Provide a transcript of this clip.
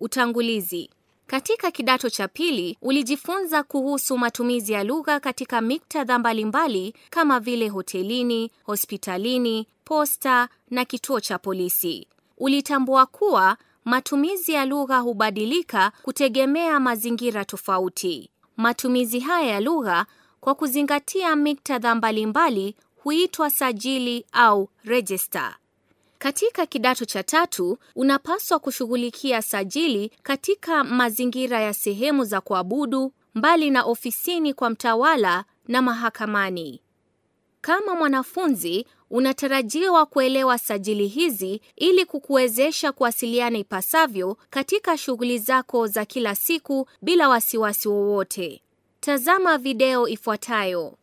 Utangulizi. Katika kidato cha pili ulijifunza kuhusu matumizi ya lugha katika miktadha mbalimbali kama vile hotelini, hospitalini, posta na kituo cha polisi. Ulitambua kuwa matumizi ya lugha hubadilika kutegemea mazingira tofauti. Matumizi haya ya lugha kwa kuzingatia miktadha mbalimbali huitwa sajili au rejista. Katika kidato cha tatu, unapaswa kushughulikia sajili katika mazingira ya sehemu za kuabudu, mbali na ofisini kwa mtawala na mahakamani. Kama mwanafunzi, unatarajiwa kuelewa sajili hizi ili kukuwezesha kuwasiliana ipasavyo katika shughuli zako za kila siku bila wasiwasi wowote. Tazama video ifuatayo.